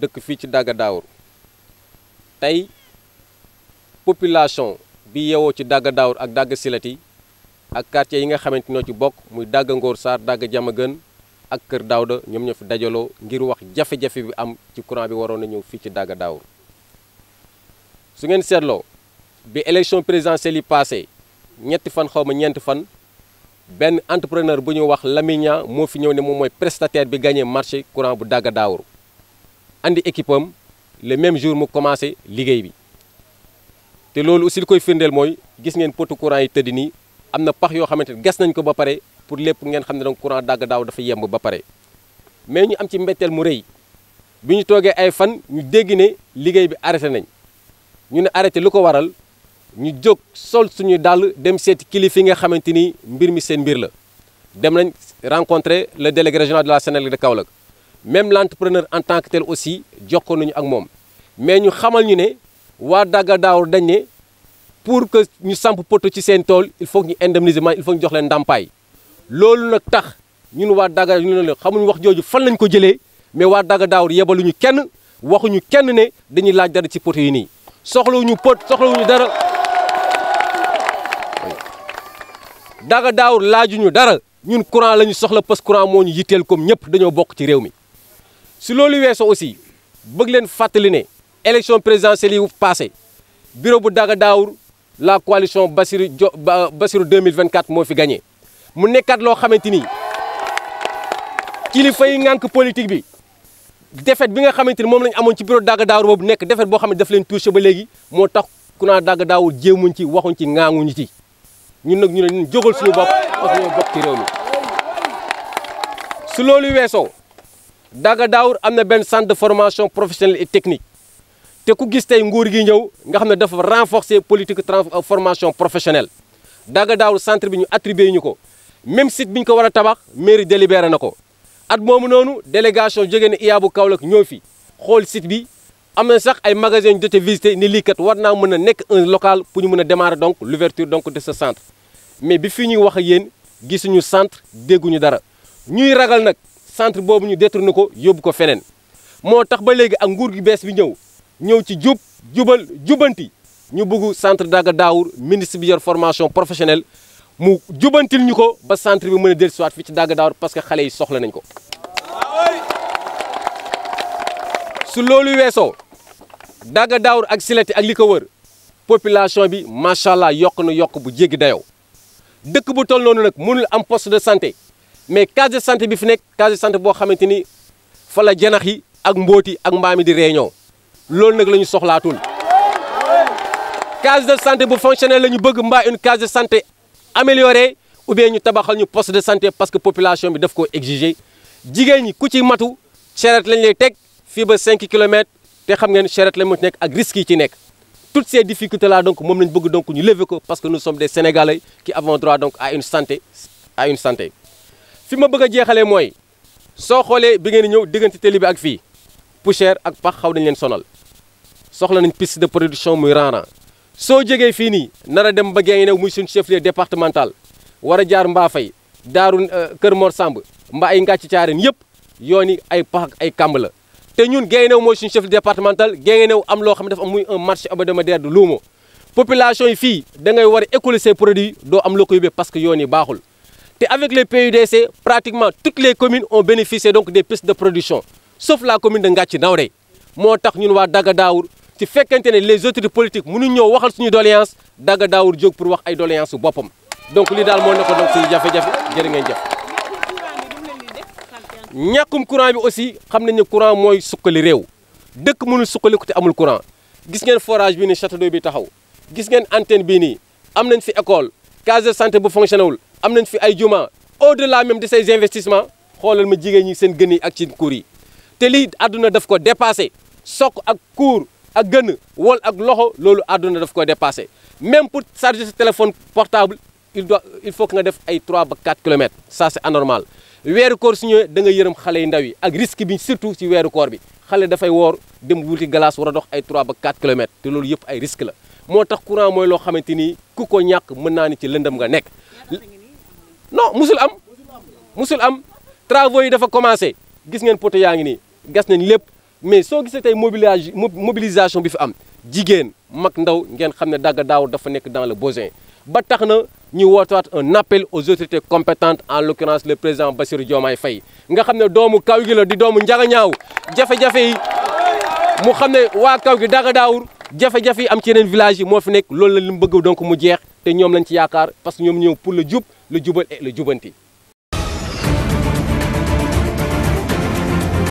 dëkk fi ci Daga Daawur tay population bi yewoo ci Daga Daawur ak Daga Silati ak quartier yi nga xamanteni ñoo ci bokk muy Daga Ngor sar Daga ak Kër Daawda ñom ñofu dajalo ngir wax jafé jafé bi am ci courant bi waroon na ñëw ci Daga Daawur su ngeen sétlo bi élection présidentielle yi passé ñett fan xawma ñent fan ben entrepreneur bu ñu wax lamiña mo fi ñew ne kurang moy prestataire bi gagner marché courant bu Daga Daawur andi équipe am le même jour mu commencer liguey bi té lolou aussi li koy moy gis ngeen potu courant yi tëdd nii am pax yo xamanteni ne gas nañ ko ba paré pour lepp ngeen xamné ne donc courant dagg daw dafa yemb ba paré mais ñu am ci mbettel mu reuy bi ñu toogee ay fan ñu dégg ne bi arrêté nañ ñu né arrêté luko waral ñu jog sol suñu dal dem séti kilifi nga xamanteni ni mbir mi seen mbir la dem nañ rencontrer le délégué régional de la Sénélec de Kaolack. même l'entrepreneur en tant que tel aussi jokkoo nañu ak moom mais ñu xamal ñu ne waa dagga daawar dañ ne pour que ñu samp pot ci seen tool il faut ñu indemniser man il faut ñu jox leen ndàmpaay loolu nag tax ñun waa dagga ñu ne la xamuñu wax jooju fan lañ ko jëlee mais waa dagga daawar yebaluñu kenn waxuñu kenn ne dañuy laaj dara ci poto yi nii soxlawuñu pot soxlawuñu dara dagga daawar laajuñu dara ñun courant la ñu soxla parce que courant moo ñu yitteel comme ñëpp dañoo bokk ci réew mi si loolu weesoo aussi bëgg leen fàttali ne élection présidentielle yi passé bureau bu Daga Daawur la coalition Bassirou jo Bassirou 2024 moo fi gagné mu nekkaat loo xamante ni kilifa yi ngànk politique bi defet bi nga xamante ni moom lañ amoon ci bureau Daga Daawur bu nekk defet boo xam ne daf leen touché ba léegi moo tax ku naa Daga Daawur jéemuñ ci waxuñ ci ŋaaŋuñu ci ñun nag ñu ne ñun jógal suñu bopp ak ñoo bopp ci réew mi su loolu weeso Daga Daawur am na benn centre de formation professionnelle et technique te ku gis tey nguur gi ñëw nga xam ne dafa renforcer politique euh, formation professionnelle Daga Daawur centre bi ñu attribué ñu ko même site bi ñu ko war a tabax mairie délibéré na ko at moomu noonu délégation jógee ne IAAB Kaolack ñëw fi xool site bi am na sax ay magasins yu jotee visité ni lii war naa mën a nekk un local pour ñu mën a démarrer donc l'ouverture donc de ce centre mais bi fii ñuy wax yéen gisuñu centre dégguñu dara ñuy ragal nag. centre boobu ñu détourné ko yóbbu ko feneen moo tax ba léegi ak nguur gi bees bi ñëw ñëw ci jub jubal jubanti ñu bëgg centre Daga Daawur ministre bi yor formation professionnelle mu jubantil ñu ko ba centre bi mën a dellusiwaat fii ci Daga Daawur parce que xale yi soxla nañ ko su loolu weesoo Daga Daawur ak Sileti ak li ko wër population bi macha allah yokk na yokk bu jéggi dayoo dëkk bu toll noonu nag mënul am poste de santé mais case de santé bi fi nekk case de santé bo xamanteni ni fa la janax yi ak mbóoti ak mbaam di réunion lool nak la ñu case de santé bu fonctionnel lañu bëgg mbaa une case de santé améliorée ou bien ñu tabaxal ñu poste de santé parce que population bi daf ko exiger jigéen ñi ku ci matu charrette lañ lay tek fi ba 5 kilomètres té xam ngeen charrette la mu ci nekk ak risque yi ci nekk. toutes ces difficultés là donc mom lañ bëgg donc ñu lever ko parce que nous sommes des sénégalais qui avons droit donc à une santé à une santé. fi ma bëgg a jeexalee mooy soo xoolee bi ngeen ñëw diggante télé bi ak fii poussière ak pax xaw nañ leen sonal soxla nañ piste de production muy ranran soo jegee fii nii nar a dem ba Guinguinéo muy suñ chef-lieu départemental war a jaar Mbaafay daaru euh, Kër Mor Samb mba ay Ngàcc Caareen yëpp yoon yi ay pax ak ay kàmb la te ñun Guinguinéo mooy suñu chef-lieu départemental Guinguinéo am loo xam ne dafa am muy un marché hebdomadaire de luuma population yi fii da ngay war a écouler ses doo am loo ko parce que yoon yi baaxul avec les PUDC, pratiquement toutes les communes ont bénéficié donc des pistes de production, sauf la commune de Ngatchi Naouré. moo tax ñun waa Daga Daour ci les autorités politiques mënuñ ñëw waxal suñu doléance Daga Daour pour wax ay doléance su boppam donc lii daal moo nekkoon donc suñu jafe-jafe jërë ngeen jëf. ñàkkum courant bi aussi xam courant mooy sukkali réew dëkk mënul sukkaliku te amul courant gis forage bi nii château d'eau bi taxaw gis ngeen antenne bii nii am nañ école case de santé bu fonctionné am nañ fi ay juma au delà même de ces investissements xoolal ma jigéen ñi seen gën yi ak ci kuur yi te lii àdduna daf ko dépassé sokk ak kuur ak gën wol ak loxo loolu àdduna daf ko dépassé même pour charger sa téléphone portable il faut que nga def ay 3 ba 4 kilomètres ça c'est anormal weeru koor su ñëwee da nga yërëm xale yu ndaw yi ak risque bi surtout ci weeru koor bi xale dafay woor dem wuti glace war a dox ay trois ba 4 kilomètres te loolu yëpp ay risque la moo tax courant mooy loo xamante ni ku ko ñàkk mën naa ni ci lëndëm nga nekk non musul am musul am travaux yi dafa commencé gis ngeen poteau yaa ngi nii gas nañ lépp mais soo gisee tey mobilisation mobilisation bi fi am jigéen mag ndaw ngeen xam ne dagg daaw dafa nekk dans le besoin ba tax na ñu un appel aux autorités compétentes en l'occurrence le président Bassirou Diomaye Faye nga xam ne doomu kaw gi la di doomu njagañaaw jafe-jafe yi mu xam ne waa kaw gi dagg daawur jafe-jafe yi am ci yeneen village yi moo fi nekk loolu la li bëgg donc mu jeex te ñoom lañ ci yaakaar parce que ñoom ñëw pour le jub lu jubal et lu jubanti